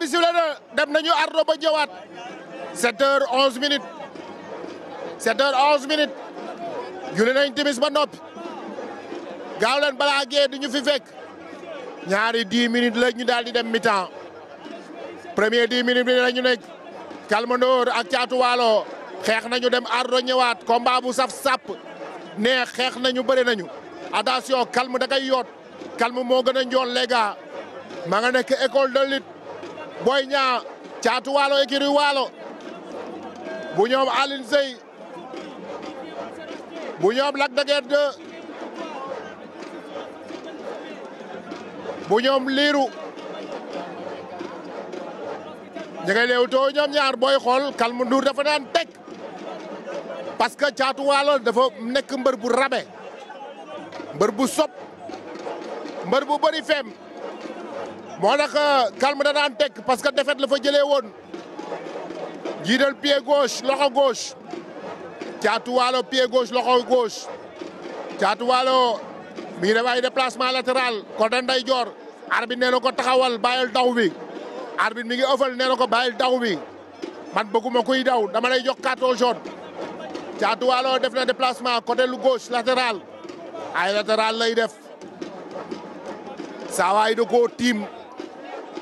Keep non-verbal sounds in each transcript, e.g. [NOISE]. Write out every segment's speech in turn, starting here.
arbitre sifflé dem nañu ardo ba jëwaat 7 onze 11 minutes 7 heures 11 minutes nañ timis ba noppi gaaw leen balaa gee du ñu fi fekk ñaari 10 minutes la ñu daal di dem mi-temps premier 10 minutes bi la ñu nekk Kalmandoor ak Caatu Waalo xeex nañu dem ardo ñëwaat combat bu saf sàpp neex xeex nañu bëri nañu attention Kalm da yoot Kalm moo gën a njool les gars ma nekk école de Boy Niang caatu waalo écurie waalo bu ñoom Alioune Seye bu ñoom Lac de bu ñoom Liiru ñi ngay leew ñoom ñaar booy xool Calme Ndour dafa naan teg parce que caatu waalo dafa nekk mbër bu rabe mbër bu sob mbër bu bëri feem moo tax calme euh, da daan teg parce que défaite la fa jëlee woon jiital pied gauche loxo gauche Caatu Waalo pied gauche loxo gauche Caatu Waalo mi ngi def ay déplacement latéral côté ndeyjoor arbitre nee na ko taxawal bàyyil daw bi arbitre mi ngi ëffal nee na ko bàyyil daw bi man bëgguma kuy daw dama lay jox carton jaune Caatu Waalo def na déplacement côté lu gauche latéral ay latéral lay def saawaay da ko tiim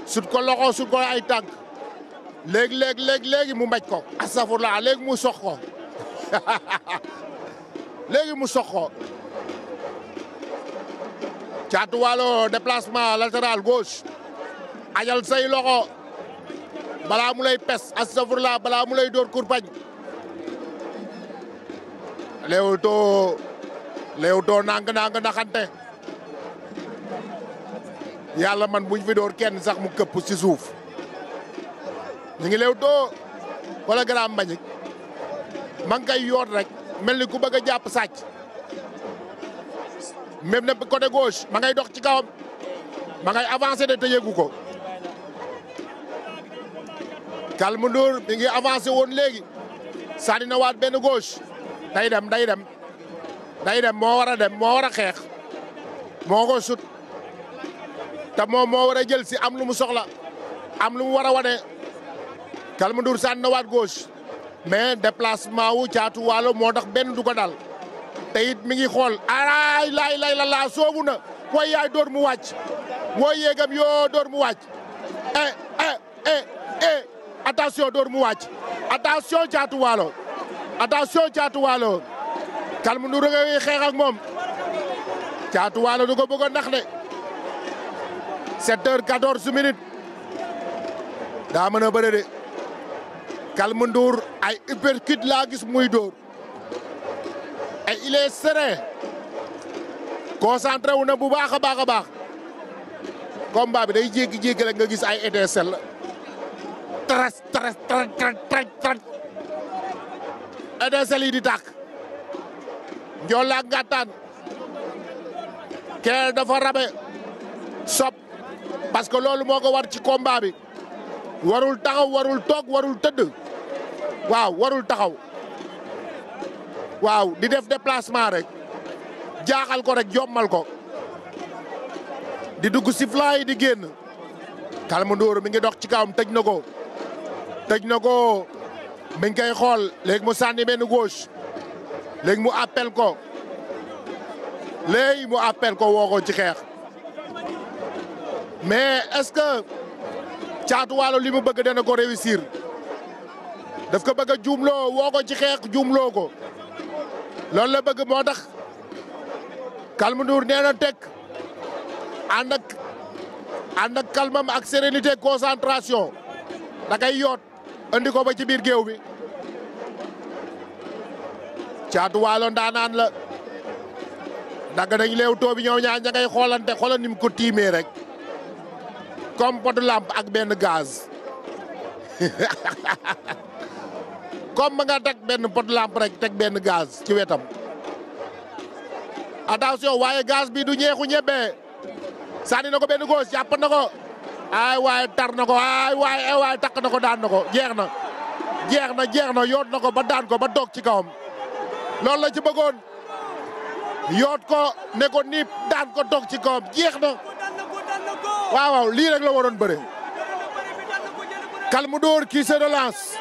sut ko loxo sut ko ay tànk léegi léegi léegi léegi mu mbaj ko astafurlaa léegi mu sox ko [LAUGHS] léegi mu sox ko caatu walo déplacement latéral gauche ajal say loxo balaa mu lay pes astafurlaa balaa mu lay dóor kurpañ léew too léew too nang nang naxante yàlla man buñ fi door kenn sax mu këpp ci suuf ñu ngi lew too wala garaam mbañik ma ngi koy yoot rek mel ni ku bëgg a jàpp sàcc même ne côté gauche ma ngay dox ci kawam ma ngay avancé de te yëgu ko Calme Ndour mi ngi avancé woon léegi sànni na waat benn gauche day dem day dem day dem moo war dem moo war a xeex moo ko sut te moom moo war a jël si am lu mu soxla am lu mu war a wane Calme Ndour sànni na waat gauche mais déplacement wu caatu waalo moo tax benn du ko dal te it mi ngi xool ay laay lay la soobu na way yaay door mu wàcc woo yéegam yoo door mu wàcc eh eh eh eh attention door mu wàcc attention caatu waalo attention caatu waalo Calme moom caatu waalo du ko bëgg a nax de sept heures quatorze minutes daa mën a de Calme ay uppercut laa gis muy dóor et il est concentré wu na bu baax a baax a baax combat bi day jéggi-jéggi nga gis ay étincelle tras tras tras étincelle yi di tàkk njool laak ngàttaan kee dafa rabe sob parce que loolu moo ko war ci kombaa bi warul taxaw warul toog warul tëdd waaw warul taxaw waaw di def déplacement rek jaaxal ko rek jommal ko di dugg si yi di génn Calme Ndour mi ngi dox ci kaaw kawam tëj na ko tëj na ko mi ngi koy xool léegi mu sànni benn gauche léegi mu appel ko léegi mu appel ko woo ko ci xeex mais est-ce que Caatu Waalo li mu bëgg dana ko réussir daf ko bëgg a juumloo woo ci xeex juumloo ko loolu la bëgg moo tax Calme Ndour nee na teg ànd ak ànd ak ak sérénité concentration da kay yoot andi ko ba ci biir géew bi Caatu Waalo ndaanaan la dagg nañ léew too bi ñoom ñaar ña ngay xoolante xoola nim ko tiimee rek comme potu làmp ak benn gaas [LAUGHS] comme ba nga teg benn potu rek teg benn gaz ci wetam attention waaye gaz bi du ñeexu ñebee sànni na ko benn góos jàpp na ko ay waaye tar na ko ay waaye ay na ko daan ko jeex na jeex na jeex na yoot na ko ba daan ko ba toog ci kawam loolu la ci bëggoon yoot ko ne ko niip daan ko toog ci kawam jeex na waaw waaw lii rek la waroon bëre. Calme Dóor qui se relance.